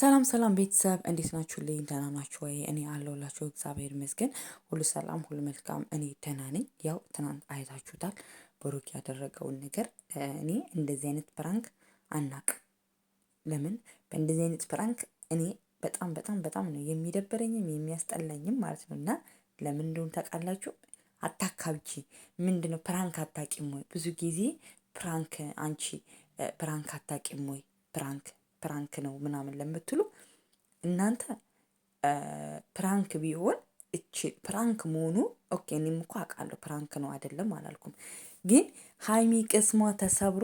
ሰላም ሰላም ቤተሰብ እንዴት ናችሁልኝ? ደህና ናችሁ ወይ? እኔ አለሁላችሁ እግዚአብሔር ይመስገን፣ ሁሉ ሰላም፣ ሁሉ መልካም። እኔ ደህና ነኝ። ያው ትናንት አይታችሁታል ብሩክ ያደረገውን ነገር። እኔ እንደዚህ አይነት ፕራንክ አናቅ። ለምን በእንደዚህ አይነት ፕራንክ እኔ በጣም በጣም በጣም ነው የሚደብረኝም የሚያስጠላኝም ማለት ነው። እና ለምን እንደሆነ ታውቃላችሁ? አታካብቺ ምንድነው ፕራንክ አታቂም ወይ? ብዙ ጊዜ ፕራንክ አንቺ ፕራንክ አታቂም ወይ? ፕራንክ ፕራንክ ነው ምናምን ለምትሉ እናንተ ፕራንክ ቢሆን እቺ ፕራንክ መሆኑ ኦኬ፣ እኔም እኮ አውቃለሁ ፕራንክ ነው አይደለም አላልኩም። ግን ሀይሚ ቅስሟ ተሰብሮ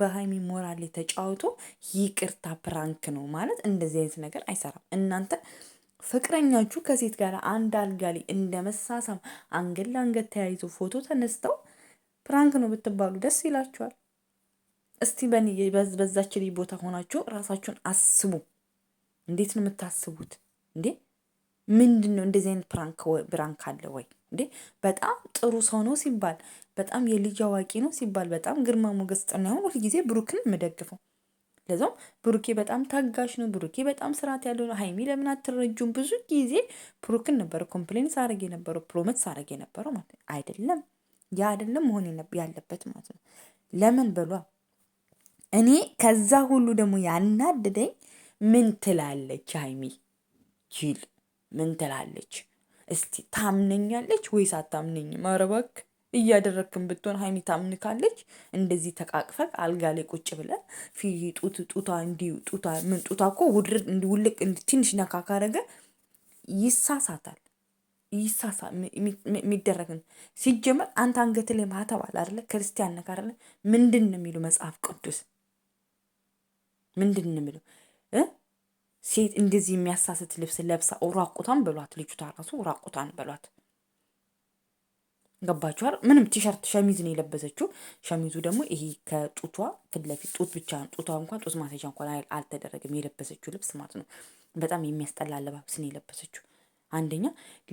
በሀይሚ ሞራል ተጫውቶ ይቅርታ ፕራንክ ነው ማለት እንደዚህ አይነት ነገር አይሰራም። እናንተ ፍቅረኛችሁ ከሴት ጋር አንድ አልጋ ላይ እንደ መሳሳም አንገት ለአንገት ተያይዞ ፎቶ ተነስተው ፕራንክ ነው ብትባሉ ደስ ይላችኋል? እስቲ በእኔ በዛች ልጅ ቦታ ሆናችሁ ራሳችሁን አስቡ። እንዴት ነው የምታስቡት እንዴ? ምንድን ነው እንደዚህ አይነት ፕራንክ አለ ወይ እንዴ? በጣም ጥሩ ሰው ነው ሲባል፣ በጣም የልጅ አዋቂ ነው ሲባል፣ በጣም ግርማ ሞገስ ጥና ይሆን ሁልጊዜ ብሩክን የምደግፈው ለዛም ብሩኬ በጣም ታጋሽ ነው፣ ብሩኬ በጣም ስርዓት ያለው ነው። ሀይሚ ለምን አትረጁም? ብዙ ጊዜ ብሩክን ነበረ ኮምፕሌን ሳረግ የነበረው ፕሮመት ሳረግ የነበረው ማለት አይደለም። ያ አይደለም መሆን ያለበት ማለት ነው። ለምን በሏ እኔ ከዛ ሁሉ ደግሞ ያናደደኝ ምን ትላለች ሀይሚ ጅል ምን ትላለች? እስቲ ታምነኛለች ወይስ አታምነኝም? ኧረ እባክህ እያደረግክን ብትሆን ሀይሚ ታምንካለች? እንደዚህ ተቃቅፈክ አልጋ ላይ ቁጭ ብለህ ፊጡት ጡታ እንዲ ጡታ ምን ጡታ እኮ ውድር ውልቅ ትንሽ ነካ ካረገ ይሳሳታል። ይሳሳ የሚደረግን ሲጀመር አንተ አንገት ላይ ማተብ አለ አይደለ? ክርስቲያን ነካ አይደለ? ምንድን ነው የሚሉ መጽሐፍ ቅዱስ ምንድን ምለው ሴት እንደዚህ የሚያሳስት ልብስ ለብሳ ራቁቷን በሏት። ልጅቷ ራሱ ራቁቷን በሏት። ገባችኋል? ምንም ቲሸርት ሸሚዝ ነው የለበሰችው። ሸሚዙ ደግሞ ይሄ ከጡቷ ፊት ጡት ብቻ ጡቷ እንኳን ጡት ማስያዣ እንኳን አልተደረገም። የለበሰችው ልብስ ማለት ነው። በጣም የሚያስጠላ አለባበስ ነው የለበሰችው። አንደኛ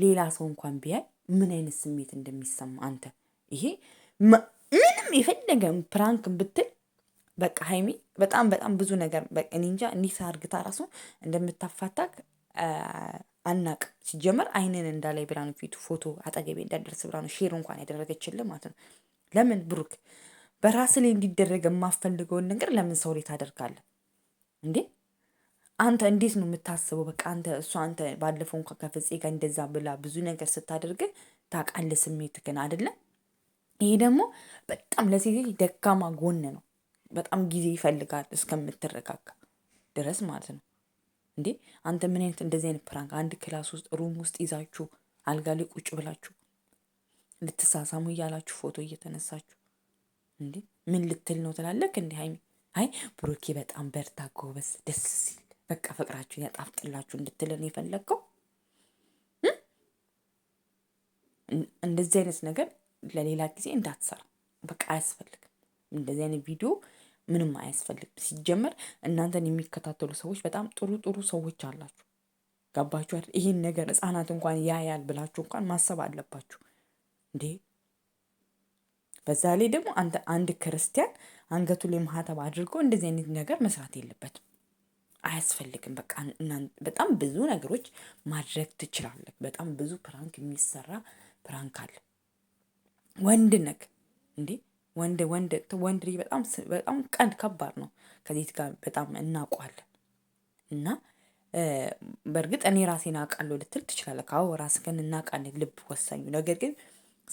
ሌላ ሰው እንኳን ቢያይ ምን አይነት ስሜት እንደሚሰማ አንተ ይሄ ምንም የፈለገ ፕራንክ ብትል በቃ ሀይሚ በጣም በጣም ብዙ ነገር እኔ እንጃ እንዲህ አርግታ ራሱ እንደምታፋታክ አናቅ ሲጀመር አይንን እንዳላይ ብላ ነው ፊቱ ፎቶ አጠገቤ እንዳደርስ ብላ ነው ሼር እንኳን ያደረገችል ማለት ነው። ለምን ብሩክ በራስ ላይ እንዲደረግ የማፈልገውን ነገር ለምን ሰው ላይ ታደርጋለህ እንዴ? አንተ እንዴት ነው የምታስበው? በቃ አንተ እሱ አንተ ባለፈው እንኳ ከፍፄ ጋር እንደዛ ብላ ብዙ ነገር ስታደርግ ታውቃለህ ግን አይደለም። ይሄ ደግሞ በጣም ለሴት ደካማ ጎን ነው። በጣም ጊዜ ይፈልጋል እስከምትረጋጋ ድረስ ማለት ነው። እንዴ አንተ ምን አይነት እንደዚህ አይነት ፕራንክ አንድ ክላስ ውስጥ ሩም ውስጥ ይዛችሁ አልጋ ላይ ቁጭ ብላችሁ ልትሳሳሙ እያላችሁ ፎቶ እየተነሳችሁ እንዴ ምን ልትል ነው ትላለክ? እንዲህ ሀይሚ አይ ብሩኬ በጣም በርታ ጎበዝ፣ ደስ ሲል በቃ ፍቅራችሁን ያጣፍጥላችሁ ነው የፈለግከው እንደዚህ አይነት ነገር ለሌላ ጊዜ እንዳትሰራ በቃ አያስፈልግም። እንደዚህ አይነት ቪዲዮ ምንም አያስፈልግም። ሲጀመር እናንተን የሚከታተሉ ሰዎች በጣም ጥሩ ጥሩ ሰዎች አላችሁ። ገባችሁ አይደል? ይህን ነገር ህጻናት እንኳን ያያል ብላችሁ እንኳን ማሰብ አለባችሁ እንዴ። በዛ ላይ ደግሞ አንድ ክርስቲያን አንገቱ ላይ ማህተብ አድርጎ እንደዚህ አይነት ነገር መስራት የለበትም። አያስፈልግም። በቃ በጣም ብዙ ነገሮች ማድረግ ትችላለህ። በጣም ብዙ ፕራንክ የሚሰራ ፕራንክ አለ። ወንድ ነክ ። እንዴ ወንድ ወንድ ወንድ ልጅ በጣም በጣም ቀንድ ከባድ ነው። ከዚህ ጋር በጣም እናውቀዋለን እና በእርግጥ እኔ ራሴን አውቃለሁ ልትል ትችላለህ። አዎ ራስህን እናውቃለን ልብ ወሳኙ ነገር ግን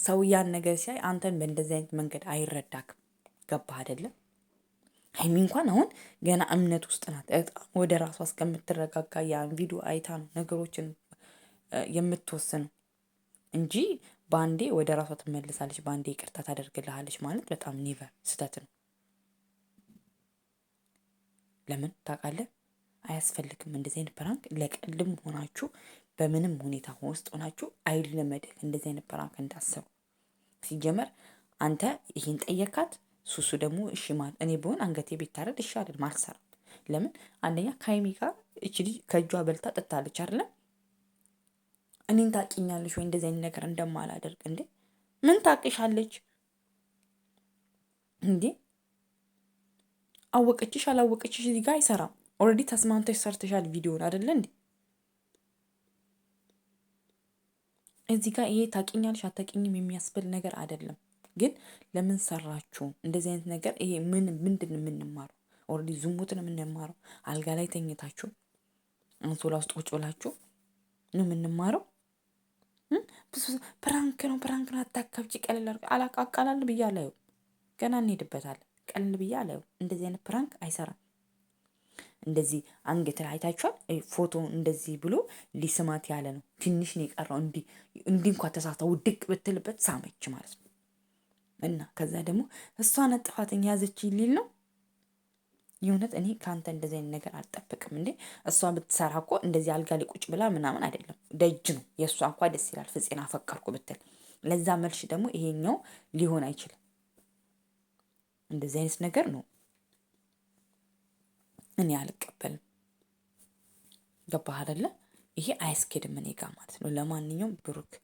ሰው ያን ነገር ሲያይ አንተን በእንደዚህ አይነት መንገድ አይረዳክም። ገባህ አይደለም? ሀይሚ እንኳን አሁን ገና እምነት ውስጥ ናት። ወደ ራሷ እስከምትረጋጋ ያን ቪዲዮ አይታ ነው ነገሮችን የምትወስነው። እንጂ በአንዴ ወደ ራሷ ትመልሳለች፣ በአንዴ ይቅርታ ታደርግልሃለች ማለት በጣም ኒቨር ስህተት ነው። ለምን ታውቃለህ? አያስፈልግም። እንደዚህ አይነት ፕራንክ ለቀልም ሆናችሁ በምንም ሁኔታ ውስጥ ሆናችሁ አይለመድ። እንደዚህ አይነት ፕራንክ እንዳሰቡ ሲጀመር አንተ ይህን ጠየካት፣ ሱሱ ደግሞ እሺ ማለት እኔ ብሆን አንገቴ ቢታረድ ይሻላል፣ አልሰራም። ለምን አንደኛ ከሀይሚ ጋር እች ልጅ ከእጇ በልታ ጥታለች አይደለም እኔን ታውቂኛለሽ ወይ? እንደዚህ አይነት ነገር እንደማላደርግ እንዴ? ምን ታውቅሻለች እንዴ? አወቀችሽ አላወቀችሽ እዚህ ጋር አይሰራም። ኦልሬዲ ተስማምተሽ ሰርተሻል ቪዲዮን አደለ እንዴ? እዚህ ጋር ይሄ ታውቂኛለሽ አታውቂኝም የሚያስብል ነገር አደለም ግን ለምን ሰራችሁ እንደዚህ አይነት ነገር? ይሄ ምን ምንድን የምንማረው ኦልሬዲ ዝሙትን የምንማረው አልጋ ላይ ተኝታችሁ አንሶላ ውስጥ ቁጭ ብላችሁ ነው የምንማረው። ብዙ ፕራንክ ነው ፕራንክ ነው አታካብጪ፣ ቀለል አላቃቃላል ብዬ አላዩ። ገና እንሄድበታል ቀለል ብዬ አላዩ። እንደዚህ አይነት ፕራንክ አይሰራም። እንደዚህ አንገት ላይ አይታችኋል። ፎቶ እንደዚህ ብሎ ሊስማት ያለ ነው። ትንሽ ነው የቀረው። እንዲህ እንዲህ እንኳ ተሳታ ውድቅ ብትልበት ሳመች ማለት ነው። እና ከዛ ደግሞ እሷ ናት ጥፋተኛ ያዘች ሊል ነው። የእውነት እኔ ከአንተ እንደዚህ አይነት ነገር አልጠብቅም እንዴ! እሷ ብትሰራ እኮ እንደዚህ አልጋ ላይ ቁጭ ብላ ምናምን አይደለም ደጅ ነው የእሷ እንኳ ደስ ይላል። ፍፄን አፈቀርኩ ብትል ለዛ መልሽ ደግሞ ይሄኛው ሊሆን አይችልም። እንደዚህ አይነት ነገር ነው እኔ አልቀበልም። ገባህ አይደለ? ይሄ አያስኬድም እኔ ጋ ማለት ነው። ለማንኛውም ብሩክ